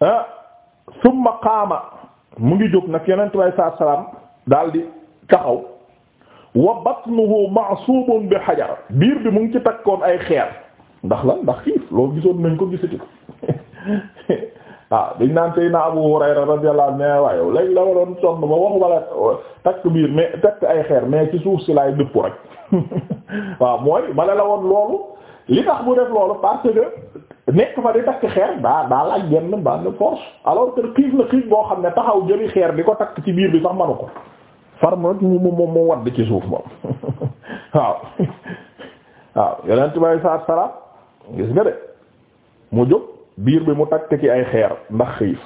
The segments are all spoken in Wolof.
ah summa qaama mu ngi jóg nag yonent bi alayhi salaatu salaam daal di taxaw wa batnuhu ma'suubun bi hajar biir bi mu ngi ci takkoon ay xeer ndax la ndax xiif loolu gisoon nañ ko gisati ko waaw ah, dañ naan tey na Abu Hurayra radiyallahu anhu mais waaye léegi la waroon sonn ba waxu takk biir mais takk ay xeer mais ci suuf si laay dëpp rek waaw mooy bala la woon loolu li tax mu def loolu parce que nekk fa di takk xeer daa daa laaj genn ba ne force alors que xiif la xiif boo xam ne taxaw jëli xeer di ko takk ci biir bi sax manu ko far mu mu mu mu wadd ci suuf moom waaw waaw yonent bay saa gis nga mu jóg biir bi mu takk ci ay xeer ndax xiif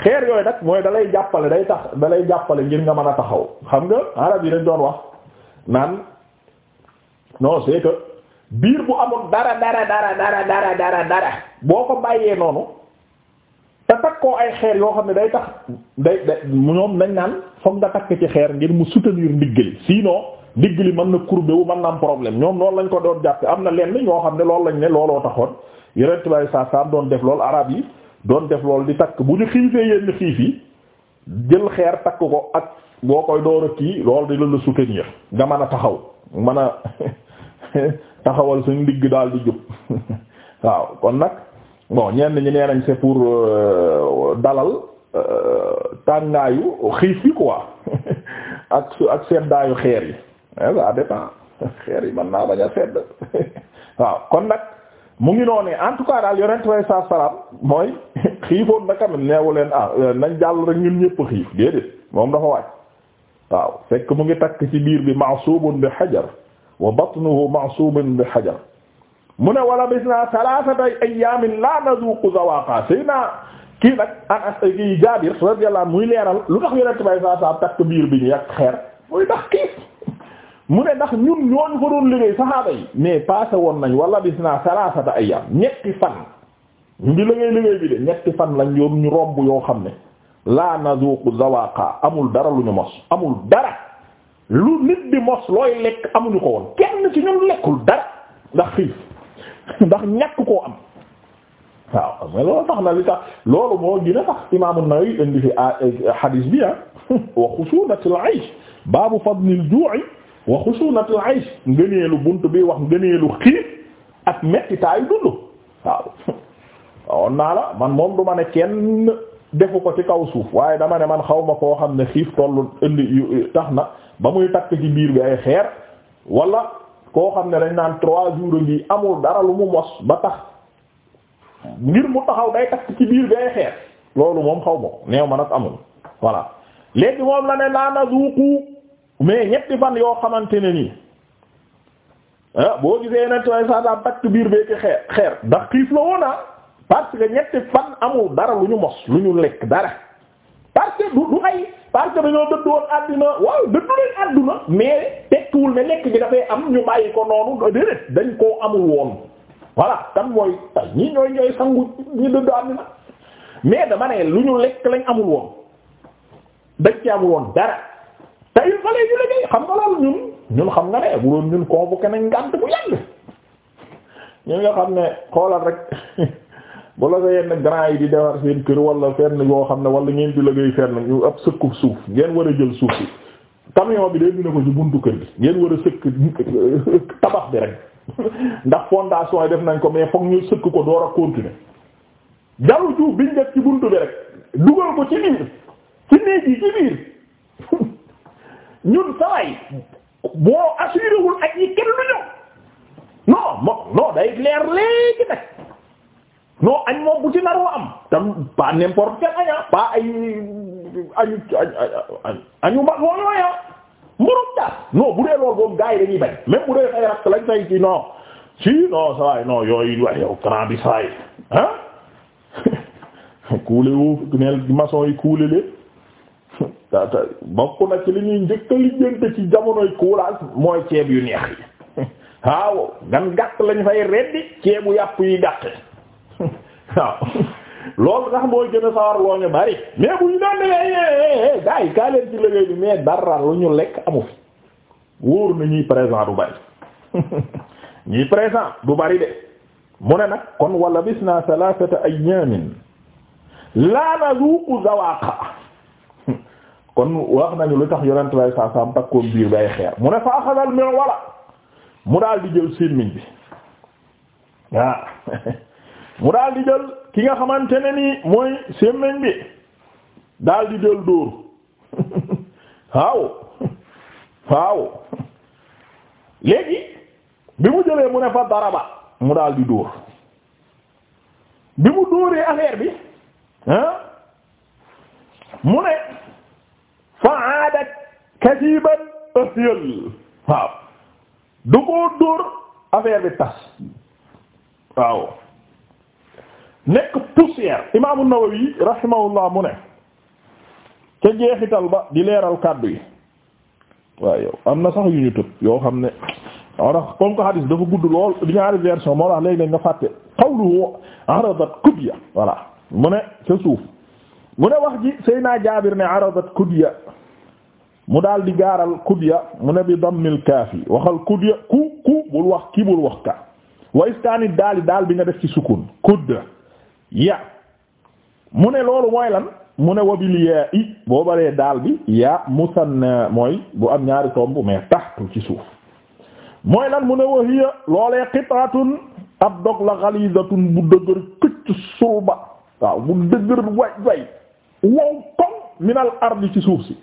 yooyu nag mooy dalay jàppale day tax dalay jàppale ngir nga mën a taxaw xam nga arab yi dañ doon wax naan non c'est que biir bu amul dara dara dara dara dara dara dara boo ko bàyyee noonu te takkoo ay xeer yoo xam ne day tax day day moom nañ naan foog nga takk ci xeer ngir mu soutenir ndiggali sinon li mën na courbé wu mën naa am problème ñoom loolu lañ ko doon jàppe am na lenn ñoo xam ne loolu lañ ne looloo taxoon yeneen tubaab yi saa saa doon def loolu arab yi doon def loolu di takk bu ñu xiifee yenn xiif yi jël xeer takk ko ak boo koy door a kii loolu di la la soutenir nga mën a taxaw. mën a taxawal suñ digg daal di jub waaw kon nag bon ñeen ñi nee nañ c'est pour euh, dalal euh, tàngaayu xiif yi quoi ak su ak seddaayu xeer yi eh, ça dépend xeer yi mën naa bañ a sedd waaw kon nag mu ngi noonu en tout cas daal yonent way sa salaam mooy xiifoon na quand même neewu leen ah nañ jàll rek ñun ñëpp xiif déedéet moom dafa wàcc waaw fekk mu ngi takk ci biir bi ma'suubun bi hajar wa batnuhu ma'suubun bi hajar mu ne wala bisna thalathata ayyamin la nazuqu zawaqa sayna kii nag Anas kii Jaabir radiyallahu anhu muy leeral lu tax yonente bay saa takk biir bi ñu yàq xeer muy tax kiis mu ne ndax ñun ñooñu ko doon liggéey saxaaba yi mais passé woon nañ wala bisna thalathata ayyam ñetti fan ñu ngi liggéey liggéey bi de ñetti fan lañ yoon ñu romb yoo xam ne laa nazuqu zawaqa amul dara lu ñu mos amul dara lu nit di looy lekk amuñu ko woon kenn ci ñun lekkul dara ndax xiif ndax ñàkk koo am waaw mais loolu tax na li tax loolu moo gën tax imaam an-Nawawi indi fi ah, eh, hadis bi ah wa xusunatul aysh baabu fadlil ju'i wa xusunatul aysh ngëneelu bunt bi wax ngëneelu xiif ak mettitaayu dund waaw. waaw naa la man moom du defu ko ci kaw suuf waaye dama ne man xaw ma koo xam ne xiif tollu indi tax na ba muy takk ci biir bi ay xeer wala koo xam ne dañ naan trois jours yi amul dara lu mu mos ba tax ngir mu taxaw day takk ci biir bi ay xeer loolu moom xaw ma neew ma nag amul voilà léegi moom la ne laa nazuuku mais ñetti fan yoo xamante ne nii ah boo gisee ne tooy saa takk biir bee ci xeer xeer ndax xiif la woona ah. parce que ñetti fan amul dara lu ñu mos lu ñu lekk dara parce que du du ay parce que dañoo dëddu woon àdduna waaw dëddu lañ àdduna mais tekkiwul ne lekk bi dafay am ñu bàyyi ko noonu déedéet dañ koo amul woon voilà kan mooy ñi ñooy ñooy sangu ñi dëddu àdduna mais dama lu ñu lekk lañ amul woon dañ ci amul woon dara te il fallait ñu liggéey xam nga loolu ñun ñun xam nga ne bu doon ñun convoqué nañ ngànt bu yàgg ñu nga xam ne xoolal rek bu la sa yenn grand yi di defar seen kër wala fenn yoo xam ne wala ngeen di liggéey fenn ñu ab sëkku suuf ngeen war a jël suuf si camion bi day dina ko ci buntu kër gi ngeen war a sëkk tabax bi rek ndax fondation yi def nañ ko mais fokk ñu sëkk ko door a continuer jaru juuf biñ def ci buntu bi rek dugal ko ci biir ci néeg ci biir ñun saway boo assuré ak yi kenn du ñëw non mo day leer léegi nag non añ moom bu ci naroo am tam pas n'importe quel aña ah. pas ay añu añu mag woo yooya mburub daal bu dee loolu boobu gars dañuy bañ même bu dee say rakk lañ say ci non si non sawaay non yooyu waay yow cran bi sawaay ah kuule woo neel maçon yi kuule leen ta ta bokk na ci li ñuy njëkk a lijjante ci jamonoy kuulaas mooy ceeb yu neex yi waaw gan gàtt lañ fay reddi ceebu yàpp yi gàtt waaw loolu sax mooy gën a sawar loo ñu bari mais bu ñu doon déggee eh, eh, eh, gars yi kaa ci liggéey bi mais dara lu ñu lekk amu fi wóor na ñuy présent du bari ñuy présent du bari de mu ne nag kon wala bis naa salatata ayyamin laa nazuqu zawaqa kon wax nañu lu tax yonent lay saa takkoon biir bay xeer mu ne fa axadal mi mu daal di jël sémmiñ bi waaw mu daal di jël ki nga xamante ne nii mooy semmeñ bi daal di jël dóor waaw waaw léegi bi mu jëlee mu ne fa daraba mu daal di dóor bi mu dóoree affaire bi ah mu ne fa aadat kasiban asiel waaw du ko dóor affaire bi tas waaw nekk poussière imaamu Nawawi rahimahullah mu ne ca jeexital ba di leeral kàddu yi waaw am na sax yu ñu tëb yoo xam ne moo tax comme que hadis dafa gudd lool di ñaari version moo tax léegi dañ nga fàtte qawluhu aradat mu ne ca suuf mu ne wax ji Seyna Jaabir ne aradat kudya mu daal di gaaral kudya mu ne bi dammil kaafi waxal kudya ku ku bul wax ki bul wax ka wa iskaanit daali daal bi nga def ci sukun kudda ya mu ne loolu mooy lan mu ne wabil yaa i boo baree daal bi yaa musanna mooy bu am ñaari tomb mais taxtu ci suuf mooy lan mu ne wa hiya loolee qitaatun ab dog la ghalidatun bu dëgër këcc sulba waaw bu dëgër way way wow kom min al ardi ci suuf si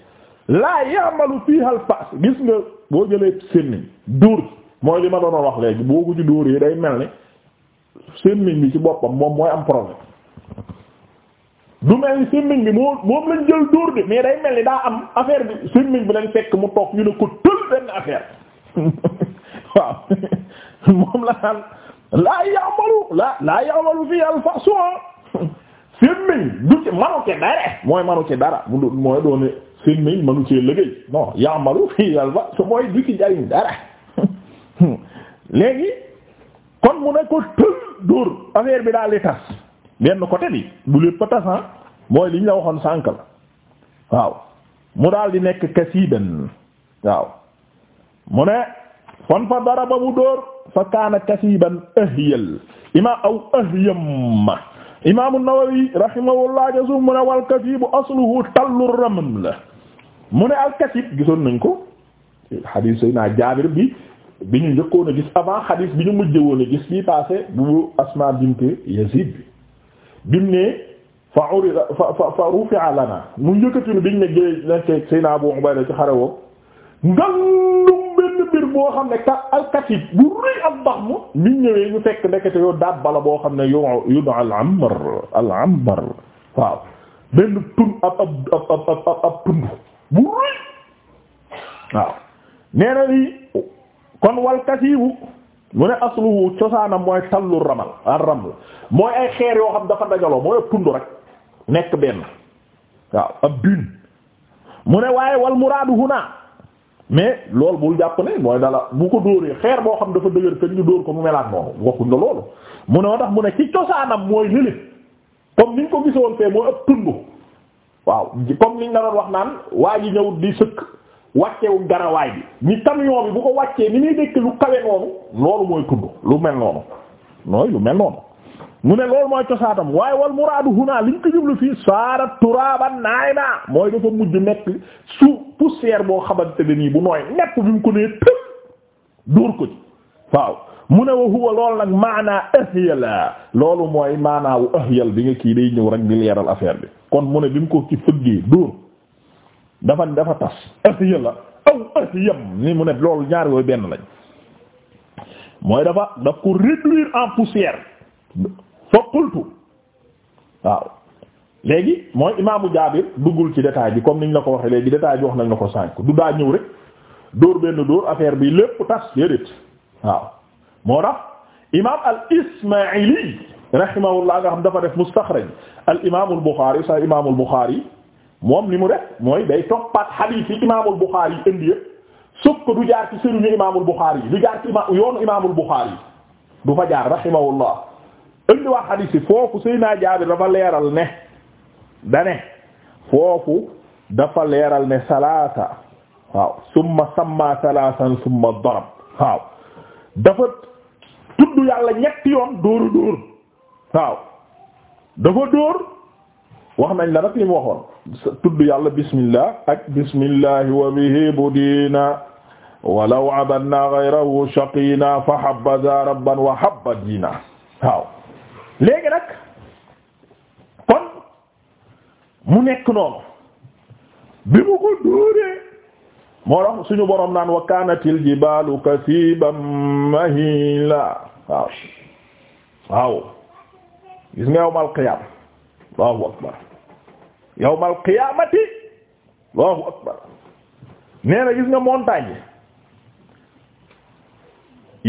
laa ya'malu fiha al fa's gis nga boo jëlee senni dóor mooy li ma doonoon wax léegi boo ko ci dóor yi day mel ni sémmiñ bi ci boppam moom mooy am problème du mel ni sémmiñ bi moo moom lañ jël dóor de mais day mel ni daa am affaire bi sémmiñ bi lañ fekk mu toog ñu ne ko tël benn affaire waaw moom la naan laa yamalu laa laa fii al façon sémmiñ du ci manu ci dara mooy manu ci dara mu du mooy doone sémmiñ manu ci liggéey non yamalu fii al façon mooy du ci jariñ dara léegi kon mu ne ko dóor affaire bi daal di tas benn côté bi bu lépp a tas ah. mooy li la waxoon sànk la waaw mu daal di nekk kasiidan waaw mu ne fan fa dara ba mu dóor fa kaana kasiiban ahyal ima aw ahyam imaam an-Nawawi rahimahullah jasum mu ne wal kasiibu asluhu tallu raml mu ne al kasiib gisoon nañ ko xadiis naa Jaabir bi bi ñu njëkkoon a gis avant xadiis bi ñu mujjewoon a gis bii passé bu Asmaa bint Yazid bi mu ne fa urida fa fa fa rufi'a lana mu njëkkatinu biñ ne géej nekk Seydina Abu Ubayda ci xare woo ngandum benn mbir boo xam ne ka bu rëy ak bax mu biñ ñëwee ñu fekk ndekete yoo dàbbala boo xam ne yu yu al ambar al ambar waaw benn tund ab ab ab ab ab tund bu rëy waaw nee na lii kon wal kasiibu mu ne asluhu cosaanam mooy tallu ramal ar-raml mooy ay xeer yoo xam dafa dajaloo mooy tund rek nekk benn waaw ab bin mu ne waaye wal muraadu huna mais loolu bul jàpp ne mooy dala bu ko dóoree xeer boo xam dafa dëgër kër ñu dóor ko mu melaat noonu waxuñ la loolu mu ne tax mu ne ci cosaanam mooy lële comme niñ ko gisoon fee mooy ab tund waaw comme niñ la doon wax naan waa ji ñëw di sëkk wàccewu garawaay bi ni camion bi bu ko wàccee ni muy dëkk lu kawe loolu mooy tudd lu mel noonu nooy lu mel noonu mu ne loolu mooy cosaatam waaye wal muraadu huna liñ ko lu fii saara turaaban naayma mooy dafa mujj nekk suuf poussière boo xamante ne nii bu nooy nekk bi mu ko nee tëb dóor ko ci waaw mu ne wa huwa loolu nag maanaa ahyala loolu mooy maanaa wu bi nga kii day ñëw rek di leeral affaire bi kon mu ne bi mu ko ci fëggee dóor dafa dafa tas ahiya la aw ahiyam ni mu ne loolu ñaar yooyu benn lañ mooy dafa daf ko réduire en poussière fa qultu waaw léegi mooy imaamu Jaabir duggul ci détail bi comme niñ la ko waxee léegi détail bi wax nañ la ko sànk du daa ñëw rek dóor benn dóor affaire bi lépp tas déedéet waaw moo tax imaam al ismaili rahimahullah nga xam dafa def mustaxraj al imaamul Buxaari sa imaamul Buxaari moom li mu def mooy day toppaat hadith yi imaamul Buxaari yi indi yëpp sauf que du jaar ci sëriñu imaamul Buxaari yi du jaar ci ima du fa jaar rahimahullah indi wax hadith yi foofu Seydina Jaabir dafa leeral ne dane foofu dafa leeral ne salaata waaw summa samma salaasan summa darab waaw dafa tudd yàlla ñetti yoon dóoru dóor waaw dafa dóor wax nañ la nag li mu waxoon tudd yàlla bismillah ak bismillahi wa bihi budina walaw abadna ghayrahu shaqina fa habbaza rabban wa habba dina waaw léegi nag kon mu nekk noonu bi mu ko dóoree moo tax suñu boroom naan wa kanatil jibalu kasiban mahila waaw waaw gis nga yawmal qiyam allahu akbar yawmal qiyaamati Allahu akbar nee na gis nga montagne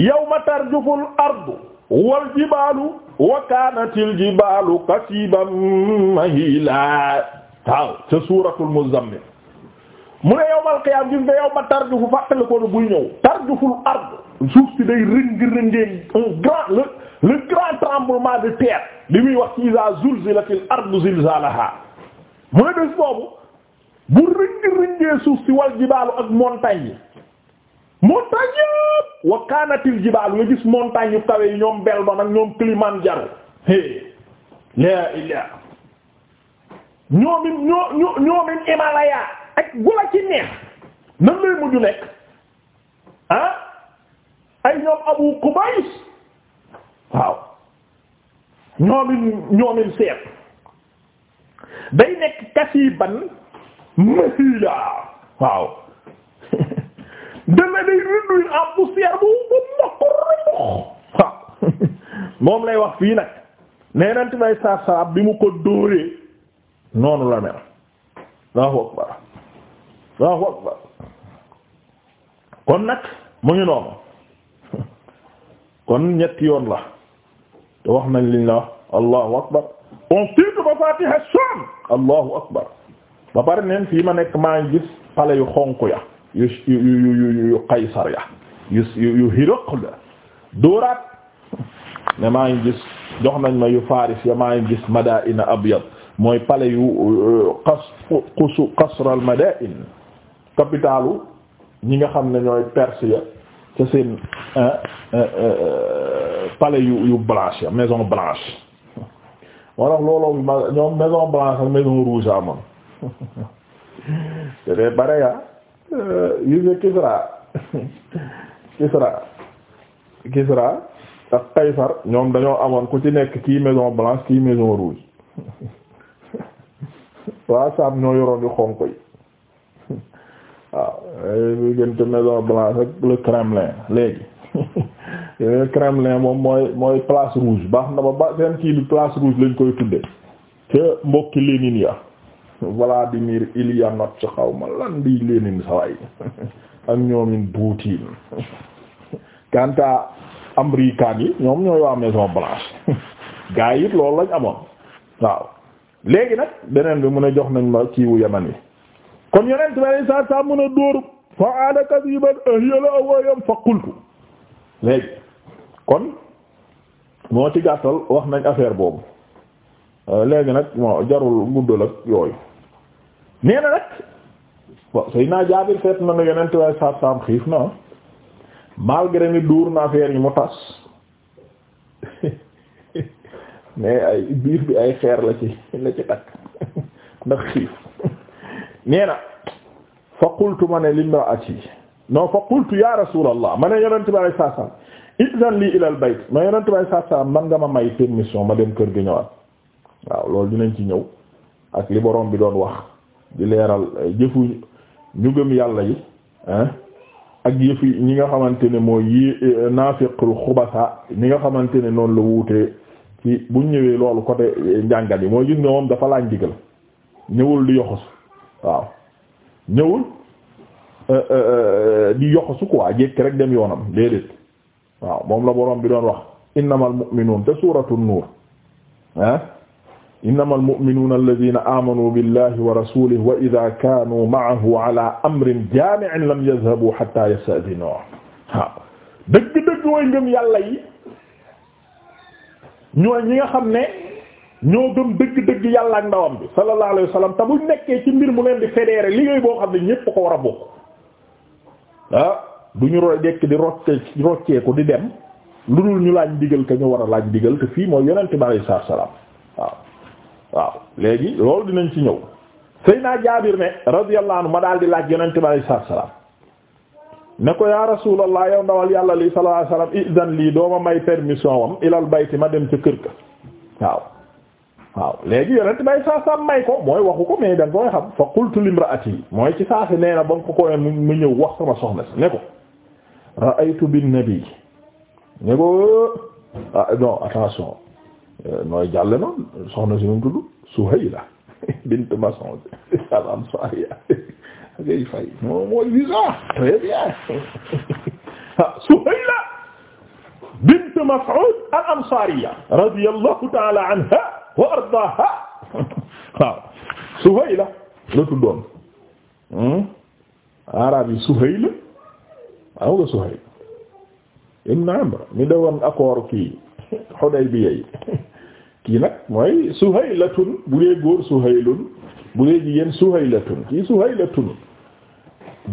yawma tarjuful ardu wal jibaalu wa kaanatil jibaalu kasiiban mahiila waaw ca suuratul muzammil mu ne yawmal qiyaam gis nga yawma tarjufu fàttali ko buy ñëw tarjuful ard suuf si day rëng rëngeen un grand le le grand tremblement de terre li muy wax ci izaa zulzilatil ardu zilzaalahaa mooy bés boobu bu rëngi rëngee suuf si wal jibaalu ak montagne yi montagne yëpp wa kaanatil jibaalu nga gis montagne yu kawe yi ñoom Beldon ak ñoom Kilimanjaro hé laa ilaa ñoomin ñoo ñoomin Himalaya ak gula ci neex nan lay mujju nekk ah ay ñoom Abu Qubays waaw ñoomin ñoomin seet day nekk kasiban mahila waaw moom lay wax fii nag nee nanti may saab bi mu ko dóoree noonu la mel Allahu akbar Allahu akbar kon nag mu ngi noonu kon ñetti yoon la te wax nañ la Allahu akbar on fiitu mafatih ash-sham allahu akbar ba pare neen fii ma nekk maa ngi gis pale yu xonq ya yu yu yu yu qaysar ya yu yu la dooraat ne maa ngi gis jox nañ ma yu Faris ya maa ngi gis madaa'in abyad mooy pale yu euh, qas al madaa'in capitalu ñi nga xam ne ñooy Perse ya ca seen euh, euh, pale yu blanche ya maison blanche moo tax looloo ñoom maison blanche ak maison rouge amoon te de bare ya yu nga Kisra Kisra Kisra ak ñoom dañoo amoon ku ci nekk kii maison blanche kii maison rouge waa ñoo yoroon yu xonq yi waaw yu gën te maison blanche ak le Kremlin léegi Euh, Kremlin moom mooy mooy place rouge baax na ba ba seen kii bi place rouge lañ koy tudde te mbokki Lénine ya Vladimir Ilyinov xaw ma lan bi Lénine saway ak ñoomin Poutine kanta américain yi ñoom ñooy waa Maison Blanche gaa yi it loolu lañ amoon waaw léegi nag beneen bi mun a jox nañ ma kiiwu yaman yi kon yonent bi saa saa mun a dóor fa aada kasiban ahyala awaayam fa qultu léegi kon moo ci gàttal wax nañ affaire boobu euh, léegi nag moo jarul guddal ak yooyu nee na nag bon Seydina Jaabir seet na ne yeneen tuwaay saab saam xiif na malgré ni duur na affaire yi mu tas mais ay biir bi ay xeer la ci la ci takk ndax xiif nee na fa qultu ma ne limraati non fa qultu ya rasulallah ma ne yeneen tuwaay saab saam izan lii ilal bayt ma yonent bay saat man nga ma may permission ma dem kër gi ñëwaat waaw loolu dinañ ci ñëw ak li borom bi doon wax di leeral eh, jëfu ñu gëm yàlla yi ak yëfi ñi nga xamante ne mooy yi eh, naafiqul xubasa ñi nga xamante ne noonu la wuutee ci buñ ñëwee loolu côté eh, njàngat yi mooy gis nga moom dafa laaj ndigal ñëwul di yoxosu waaw ñëwul di yoxosu quoi jékki rek dem yoonam déedéet waaw moom la borom bi doon wax innamal mu'minuun te suuratu nuur ah innamal mu'minuuna alladhiina aamanuu billahi wa rasuulihi wa idhaa kaanuu ma'ahu alaa amrin jaami'in lam yadhhabuu hattaa yasta'dhinuuhu waaw dëgg-dëgg way ngëm yàlla yi ñooy ñi nga xam ne ñoo gëm dëgg-dëgg yàlla ak ndawam bi sallallahu alayhi wa sallam te buñ nekkee ci mbir mu leen di fédéré liggéey boo xam ne ñépp ko war a bokk ah du ñu roy dekk di rocce rocceeku di dem lu dul ñu laaj digal te ñu war a laaj digal te fii mooy yonent bi alayhi salaam waaw waaw léegi loolu dinañ ci ñëw Seydina Jaabir ne radiyallahu anhu ma daal di laaj yonent bi alayhi salaam ne ko yaa rasulallah yow ndawal yàlla li sallallahu alayhi wasallam izan lii dooma may permission wam ilal bayti ma dem ca kër ga waaw waaw léegi yonent bay saasam may ko mooy waxu ko mais dañ koy xam fa qultu limraati mooy ci saasi na ba nga ko ko mu ko ra'aytu bin nabi ne ko ah non attention euh, nooy jàll noonu soxna si nu mu tudd Suhayla bint Mas'ud al-Ansariya ngay fay moo mooy visa très bien ah, Suhayla bint Mas'ud al-Ansariya radiyallahu ta'ala anha wa ardaaha waaw Suhayla la tuddoon hmm? Arabi Suhayla aw nga Suhayb ibn Amr mi dawoon accord kii Hudaybiya yi kii nag mooy Suhaylatun bu dee góor Suhaylun bu dee jigéen Suhaylatun kii Suhaylatun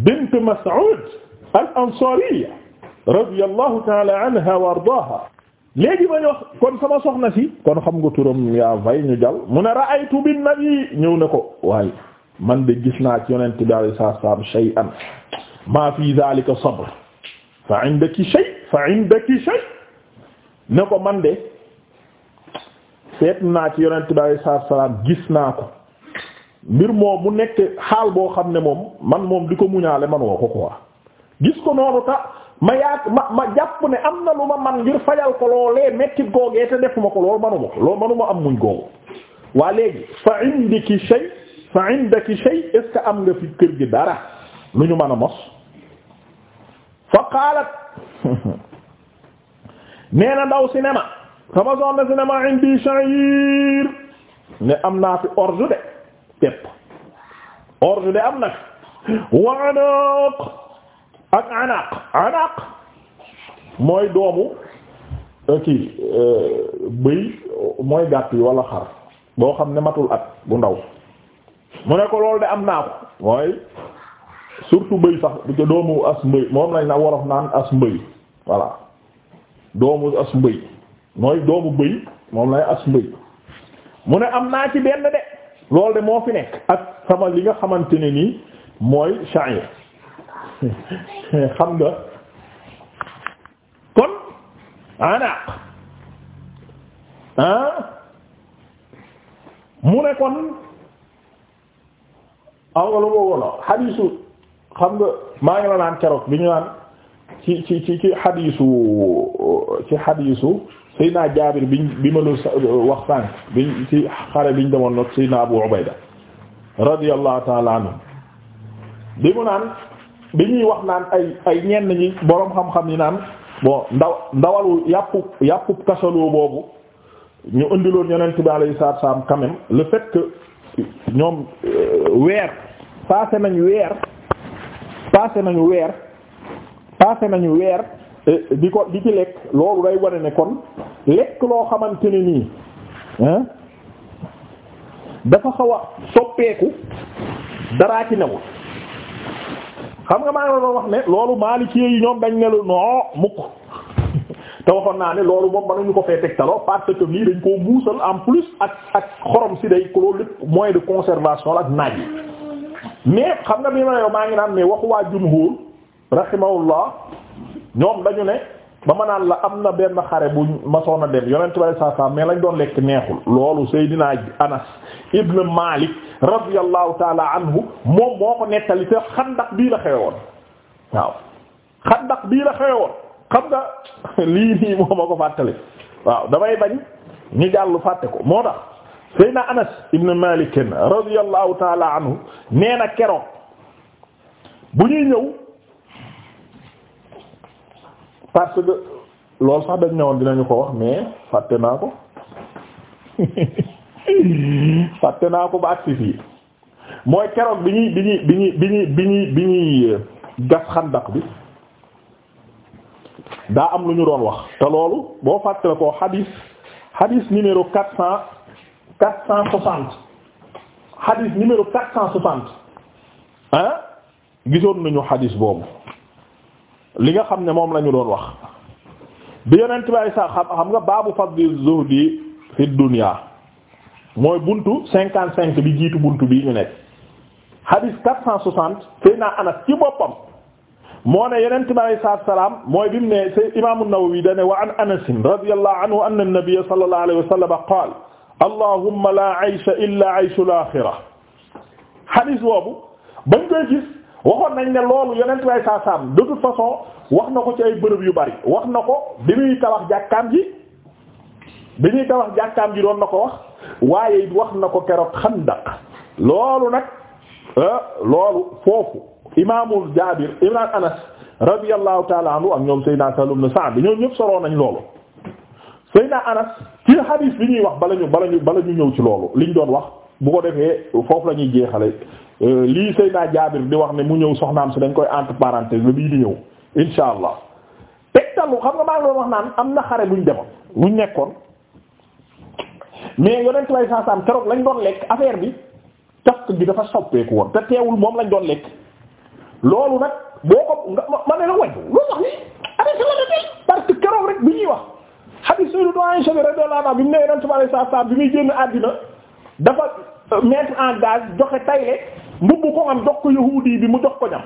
bint Mas'ud al-Ansariya radiyallahu ta'ala anha wa ardaaha léegi ma ñu wax kon sama soxna si kon xam nga turam yaa vay ñu jàll mu ne ra'aytu bin nabi ñëw ne ko waaye man de gis naa ci yonent bi sallallahu alayhi wasallam shay'an maa fi dhalika sabr fa indaki shay fa indaki shay ne ko man de seet naa ci yonent bi alayhi salaam gis naa ko mbir moom mu nekk xaal boo xam ne moom man moom di ko muñaale man woo ko quoi gis ko noonu ta ma yaat ma ma jàpp ne am na lu ma man ngir fajal ko loolee metti googee te defuma ko loolu manuma ko loolu manuma am muñ googu waa léegi fa indiki shay fa indaki shay est ce am nga fi kër gi dara lu ñu mën a mos fa qaalat nee na ndaw cinéma sama soxna cinéma indi sha'ir ne am naa fi orge de tepp orge de am na wa anaq ak anaq anaq mooy doomu euh, kii euh, bëy mooy gàtt yi wala xar boo xam ne matul at bu ndaw mu ne ko loolu de am naa ko mooy surtout bëy sax doomu as mbëy moom lañ na wolof naan as mbëy voilà doomu as mbëy mooy doomu bëy moom lay as mbëy mu ne am naa ci benn de loolu de moo fi nekk ak sama li nga xamante ne nii mooy sha'ir xam nga kon anaq ah mu ne kon aw nga lu boobu la xadiisu xam nga maa ngi la naan keroog bi ñu naan ci ci ci ci xadiisu ci xadiisu Seydina Jaabir biñ bi ma wax sànq biñ ci xare biñ demoon nag Seydina Abu Ubayda radiyallahu ta'ala anhu bi mu naan bi ñuy wax naan ay ay ñenn ñi boroom xam-xam yi naan bon ndaw ndawalu yàppu yàppu kasaloo boobu ñu indiloon yonent bi alayhi salaatu salaam quand même le fait que ñoom euh, weer passé nañ weer passé nañu weer passé nañu weer eh, di ko di ci lekk loolu day wane ne kon lekk loo xamante ne nii dafa xaw a soppeeku daraa ci newul xam nga maa ngi doon wax ne loolu Maliki yi ñoom dañ ne noo mukk te waxoon naa ne loolu moom mënuñu ko fee tegtaloo parce que lii dañ koo muusal en plus ak ak xorom si day ko loolu lépp moyen de conservation ak naaj mais xam nga bi a yow maa ngi naan mais waxu waa jumhur rahimahullah ñoom dañu ne ba ma naan la am na benn xare bu masoon a dem yonent bi saa saa mais lañ doon lekk neexul loolu Seydina Anas ibn Malik radiyallahu taala anhu moom moo ko nettali te xandak bii la xewe woon waaw xandak bii la xewe woon xam nga lii nii moo ma ko fàttali waaw damay bañ ñu jàll fàtte ko moo tax Seydina Anas ibn Malik radiyallahu taala anhu nee na keroog bu ñuy ñëw parce que loolu sax dañ ñëwoon dinañu ko wax mais fàtte naa ko fàtte naa ko ba agsi fii mooy keroog bi ñuy bi ñuy bi ñuy bi ñuy bi ñuy bi ñuy euh, gas xandak bi daa am lu ñu doon wax te loolu boo fàtte ko xadiis xadiis numéro quatre cent quatre cent soixante xadis numéro quatre cent soixante ah gisoon nañu xadis boobu li nga xam ne moom la ñu doon wax bi yonent bi sax xam nga baabu fadli zuhdi fi dunya mooy buntu cinquante cinq bi jiitu buntu bii ñu nekk xadis quatre cent soixante Seydina Anas ci boppam moo ne yonent bi alayhi salaatu wa salaam mooy bi mu ne Imaamu Nawawi da ne wa an Anas radiyallahu anhu anna an-nabiyya sallallahu alayhi wa sallam allahumma la aysha illa ayshul axira xadis boobu bañ koy gis waxoon nañ ne loolu yonent way saa saam de façon wax na ko ci ay bërëb yu bari wax na ko bi muy tabax jàkkaam ji bi muy tabax jàkkaam ji doon na ko wax waaye wax na ko keroog xandaq loolu nag ah, loolu foofu imaamul jaabir ibn anas radiyallahu taala anhu ak ñoom sayyidina Sahl ibn Sa'd ñoom ñëpp soroo nañ loolu Seyna Anas ci hadis bi ñuy wax bala ñu bala ñu bala ñu ñëw ci loolu liñ doon wax bu ko defee foofu la ñuy jeexale euh, lii Seyna Jaabir di wax ne mu ñëw soxnaan si dañ koy entre parenthèse ba bii di ñëw insha allah tegtalu xam nga maa ngi doon am na xare buñ demoon buñ nekkoon mais yonent way saasaam keroog lañ doon lekk affaire bi cafk gi dafa soppeeku woon te teewul moom lañ doon lekk loolu nag boo ko ma ne la waju loolu wax ni arrêté la de parce que keroog rek bi ñuy wax hadith Sayyidatu Aisha radiyallahu anha bi mu ne Yonent bi sallallahu alayhi wasallam bi muy génn àddina dafa mettre en gage joxe tayle mbubb ko am jox ko yahuudi bi mu jox ko ñam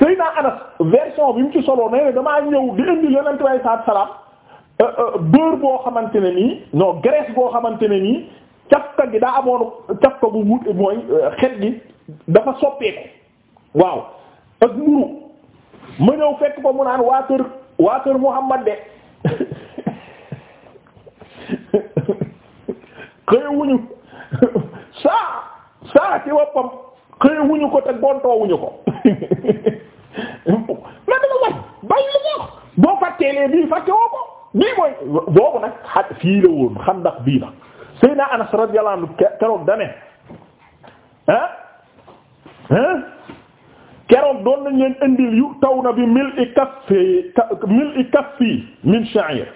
Sayyidina Anas version bi mu ci solo nee na damaa ñëw di indi Yonent bi sallallahu alayhi wasallam euh, euh, beurre boo xamante ne nii non graisse boo xamante ne nii cafka gi daa amoon cafka bu wut mooy euh, xet gi dafa soppeeku waaw ak muru ma ñëw fekk ko mu naan waa kër waa kër Muhammad de xëyewuñu saa saa ci woppam xëyewuñu ko te gontoowuñu ko man dama war bàyyi lu ñuy wax boo fàtteelee bii fàtte woo ko bii mooy boobu nag xa fii la woon xam ndax bii la Seydina Anas radiyallahu anhu keroog dane ah ah keroog doon na leen indil yu taw na bi mil i kaffi mil i kaffi min sha'ir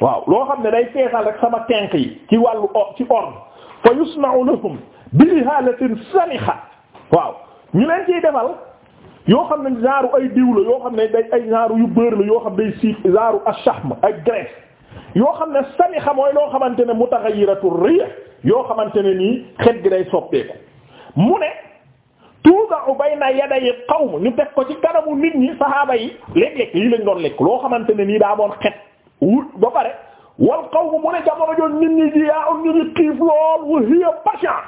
waaw loo xam ne day feesal rek sama tenk yi ci wàllu o ci ordre fa yusna'u lahum bi ihalatin saniha waaw ñu leen ciy defal yoo xam ne ñaaru ay diw la yoo xam ne day ay genre yu beurre la yoo xam ne siif genre ash-shahm ak graisse yoo xam ne saniha mooy loo xamante ne mutaghayyiratu rih yoo xamante ne nii xet gi day soppeeku mu ne tuuda'u bayna yaday qawm ñu teg ko ci kanamu nit ñi sahaaba yi léeg-léeg lii lañ doon lekk loo xamante ne nii daa doon xet wut ba pare wal xaw mu ne jamono joon nit ñi ji yaa ñu ngi lool wa hiya patient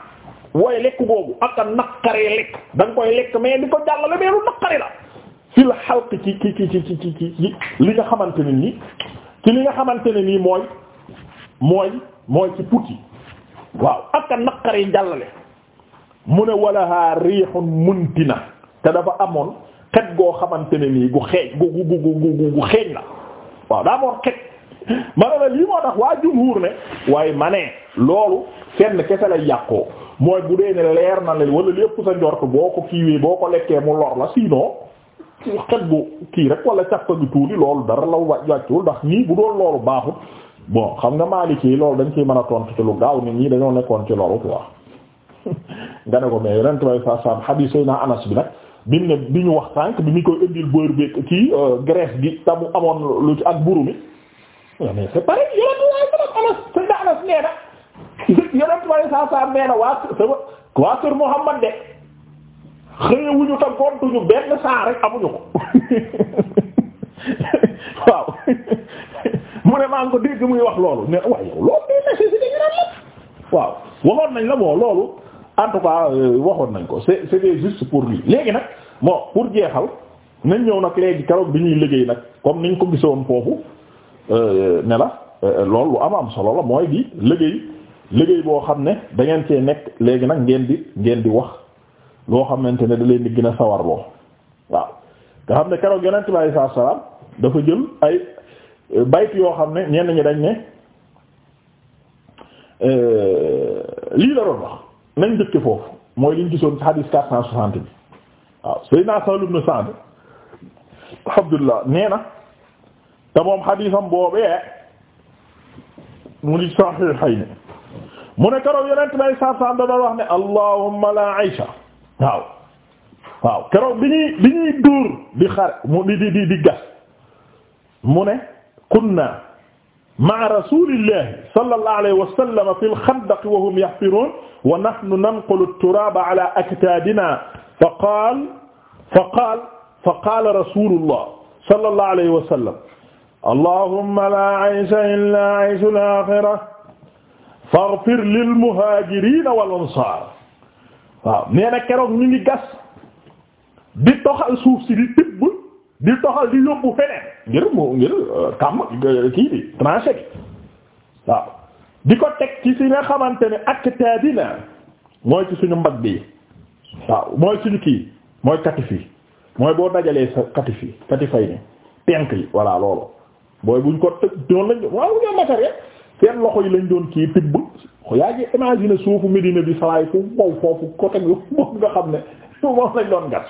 wooye lekk boobu ak a naqaree lekk da koy lekk mais di ko jàllale mais lu naqari la fil xalq ci ci ci ci ci li nga xamante ne nii ci li nga xamante ne nii mooy mooy mooy ci put waaw ak naqaree jàllale mu ne walaha riihun muntina te dafa amoon xet goo xamante ne nii gu xeeñ gu gu gu gu gu xeeñ la waaw daa moon xet ma la lii moo tax waa jumhuur ne waaye ma ne loolu fenn kese lay yàqoo mooy bu dee ne leer na la wala lépp sa njort boo ko kiiwee boo ko lekkee mu lor la sinon xet bu kii rek wala càkk gi tuuti loolu dara la wa wàccul ndax nii bu doon loolu baaxut bon xam nga Maliki kii loolu dañ ciy mën a tontu ci lu gaaw ni ñii dañoo nekkoon ci loolu quoi nga ne ko mais ren tubay saa saam xadiis naa Anas bi nag bi ne ñu wax sànq bi ñu koy indil beurre bi ci euh, gi te mu amoon lu ci ak buru mi mais c'est pareil yonentu waaye salam anas sëñ da anas nee na saa saa nee na waa sama waa sër Muhammad de xëyewuñu te gontuñu benn saa rek amuñu ko waaw mu ne maa ngi ko dégg muy wax loolu ne waaye yow loolu en tout cas euh, waxoon nañ ko c'est c'est juste pour lui léegi nag moo pour jeexal nañ ñëw nag léegi keroog bi ñuy liggéey nag comme ni ñu ko gisoon foofu euh, ne la euh, loolu lu am am solo la mooy di liggéey liggéey boo xam ne da ngeen cee nekk léegi nag ngeen di ngeen di wax loo xamante ne da leen di gën a sawarloo waaw nga xam ne keroog yonent bi alayhi salaatu salaam dafa jël ay bayt yoo xam ne ñenn ñi dañ ne lii la doon wax. nañ dëkke foofu mooy liñ gisoon ci hadis quatre cent bi waaw Seydina Sahl ibn Sa'd Abdullah nee na te moom hadisam boobee mu ngi Sahihayni mu ne keroog yonent may saa saa da doon wax ne allahumma la aysha waaw waaw keroog bi ñuy bi ñuy dóor di xare mu ne kunna ma'a rasulillahi sallallahu alayhi wa sallam fil xandaq wa hum yahfiruun wa nahnu nanqulu turaaba ala aktaadinaa fa qaala fa qaala fa qaala rasulullah sallallahu alayhi wa sallam allahumma laa aysha illaa ayshul aaxira faghfir lil muhaajiriina wal ansaar waaw nee na keroog ñu ngi gas di toxal suuf si di di doxal di yóbbu feneen ngir mu ngir euh, kàmm euh, kii bi tranché waaw di ko teg ci si nga xamante ne ak taadina mooy ci suñu mbag bi waaw mooy suñu kii mooy katif yi mooy boo dajalee sa katif yi katifay ni tenk yi voilà loolu mooy buñ ko tëj doon lañ waaw ñoo matériel seen loxo yi lañ doon kii tibb yaa ngi imaginer suufu Médina bi salaay fu wow foofu côté bi moom nga xam ne moom lañ doon gas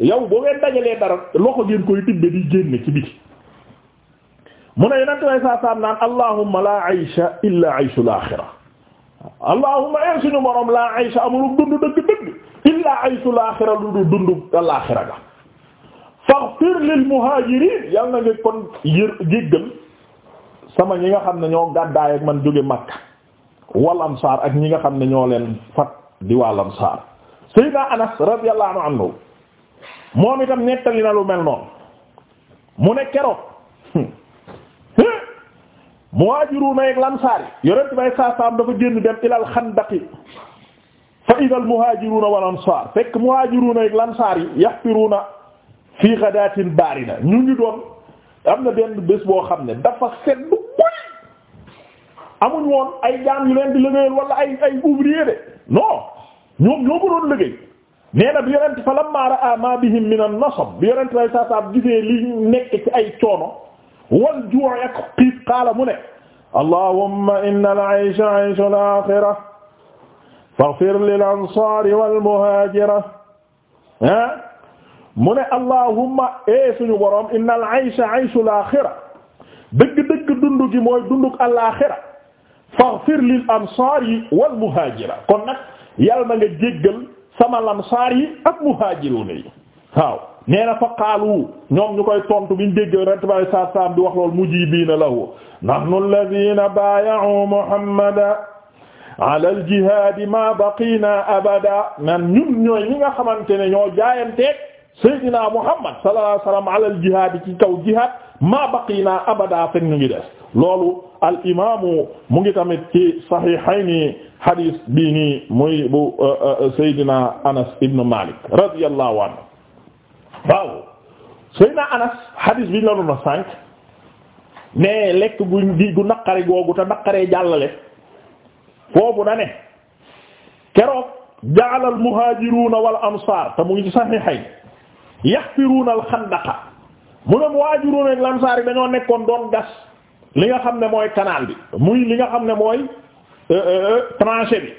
yow boo ngeen dajalee dara loxo ngeen koy tibbe di génne ci biti mu ne yonent way saa saam naan allahumma la aysha illa ayshul axira allahumma ee eh, suñu borom la aysha amul dund dëgg dëgg illa ayshul axira lu dund alaaxira ga faghfir lil muhaajiriin yal na nga kon yër jéggal sama ñi nga xam ne ñoo gàddaay ak man jóge Makka wal ansaar ak ñi nga xam ne ñoo leen fat di wal ansaar sayyidina Anas radiyallahu anhu moom itam nettali na lu mel noonu mu ne keroog muhaajiruuna ak lansaar yi yonent bay saasaam dafa génn dem ilal xandaqi fa idal muhaajiruuna wal ansaar fekk muhaajiruuna ak lansaar yi yaxfiruuna fii ghadaatin baarida ñu ngi doon am na benn bés boo xam ne dafa sedd buy amuñ woon ay jaam yu leen di liggéeyal wala ay ay ouvrier de non ñoom ñoo ko doon liggéey nee na bi yonent fa lamma ra'a ma bihim min an-nasab bi yonent lay saa saab gisee li nekk ci ay coono wal juu' ak xiif qaala mu ne allahumma inna al-'aysha 'ayshu al-aaxira faghfir lil ansaari wal muhaajira ah mu ne allahumma e suñu boroom inna al-'aysha 'ayshu al-aaxira dëgg-dëgg dund gi mooy dundug al-aaxira faghfir lil ansaari wal muhaajira kon nag yàlla na nga jéggal sama lamsaar yi ak muhaajiruun yi waaw nee na fa qaalu ñoom ñu koy tontu biñ dégg Yonent bi saa saam di wax lool mujiibiina lahu nahnu allaziina baaya'u Muhammadan ala al-jihaadi maa baqiina abada nan ñun ñooy ñi nga xamante ne ñoo jaayanteeg Seydina Muhammad sallallahu alayhi wa sallam ala al-jihaadi ci kaw jihaad maa baqiina abada fekk ñu ngi des loolu al imaamu mu ngi tamit ci saxiixayni hadis bii nii muy bu uh, uh, uh, Seydina Anas ibn Malik radiyallahu anhu waaw Seydina Anas hadis bi ñu la doon a sànq mais lekk gu gu naqari googu te naqaree jàllale foofu na ne keroog ja'ala al muhaajiruuna wal ansaar te mu ngi ci saxiixay yaxfiruuna al xandaqa mu ne muhaajiruuna ak lansaar yi dañoo nekkoon doon gas. li nga xam ne mooy canal bi mu li nga xam ne mooy euh, euh, tranchée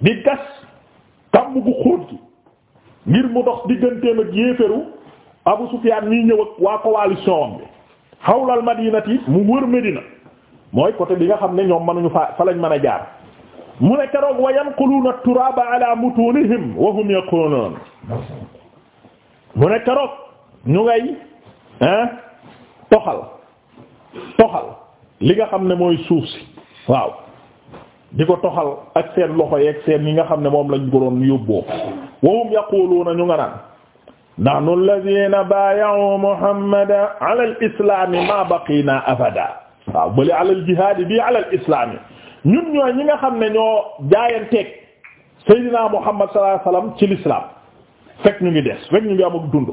di gas kàmb gu xóot gi ngir mu dox digganteem ak yéeféru Abu Sufyaan ñuy ñëw ak waa coalition am bi xawlal madinati mu wër Medina mooy côté bi nga xam ne ñoom mënuñu fa fa lañ mën a jaar mu ne keroog wa yanquluuna turaaba ala mutunihim wa hum yaqulun mu ne keroog ñu ngay ah toxal toxal li nga xam ne mooy suuf si waaw di ko toxal ak seen loxo yeeg seen yi nga xam ne moom lañ ko doon yóbboo wa hum yaquluuna ñu nga naan nahnu alladhina baaya'u muhammada ala al-islaami ma baqiina abada waaw bali ala al-jihaadi bi ala al-islaami ñun ñooy ñi nga xam ne ñoo jaayanteeg Seydina Muhammad sallallahu alayhi wasallam ci l'islam fekk ñu ngi des fekk ñu ngi am ak dund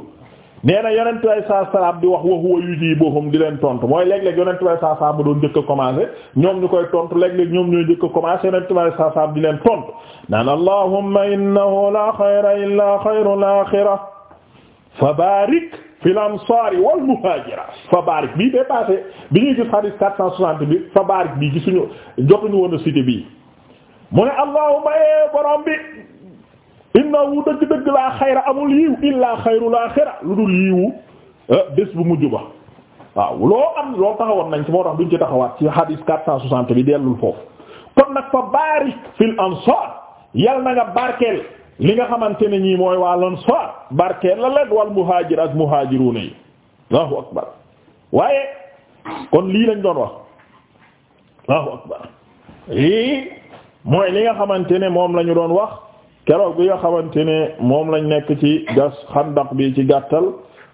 nee na yonent way saa di wax wa huwa yujibuhum di leen tontu mooy léeg-léeg yonent way saa salaam ba doon njëkk a commencé ñoom ñu koy tontu léeg-léeg ñoom ñooy njëkk a commencé yonent way di leen tontu naan allahumma innahu la xayra illa xayrul axira fa barik fil ansari wal muhajira fa barik bii day passé bi ñuy gis hadith 460 bi fa barik bii gisuñu jotuñu woon a cité bii mu ne allahumma borom bi inna wu dëgg-dëgg laa xayra amul yiw illaa xayrul aaxira lu dul yiwu eh, bés bu mujj ba waaw loo am loo taxawoon nañ ci moo tax duñ ci taxawaat ci hadis 460 bi dellul foofu kon nag fa baarik fil ansaar yal na nga barkeel li nga xamante ne ñii mooy waa lansaar barkeel la leen wal muhaajir ak yi allahu akbar waaye kon lii lañ doon wax allahu akbar lii mooy li nga xamante ne moom lañu doon wax keroog bi nga xamante ne moom lañ nekk ci gas xandak bi ci gàttal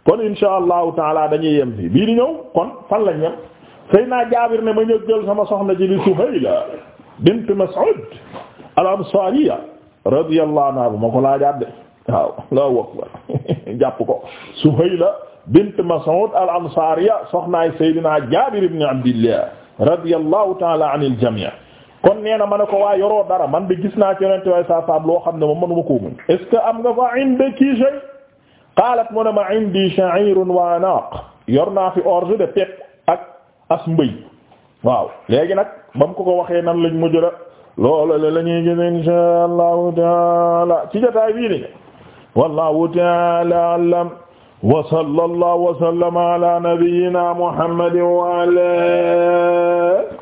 kon insha taala dañuy yem bii di ñëw kon fan lañ yem Seydina Jaabir ne ma ñëw jël sama soxna ji di Suhayla bint Mas'ud al-Ansariya radiyallahu anha bu ma ko la bint Mas'ud al-Ansariya soxnaay Seydina Jaabir ibn Abdillah radiyallahu taala anil jami' kon nee na ma ne ko waa yoroo dara man de gis naa ci yonente way saa saab loo xam ne moom manuma koo muñ est ce que am nga fa indaki shay qaalat mu ne ma indi sha'irun wa anaq yor naa fi orge de pepp ak as mbëy waaw léegi nag ba mu ko ko waxee nan lañ mujj la loolu la ñuy gis insha allahu taala ci jotaay bii ni wallahu taala alam wa sallallahu wa sallama ala nabiyyina muhammadin wa ala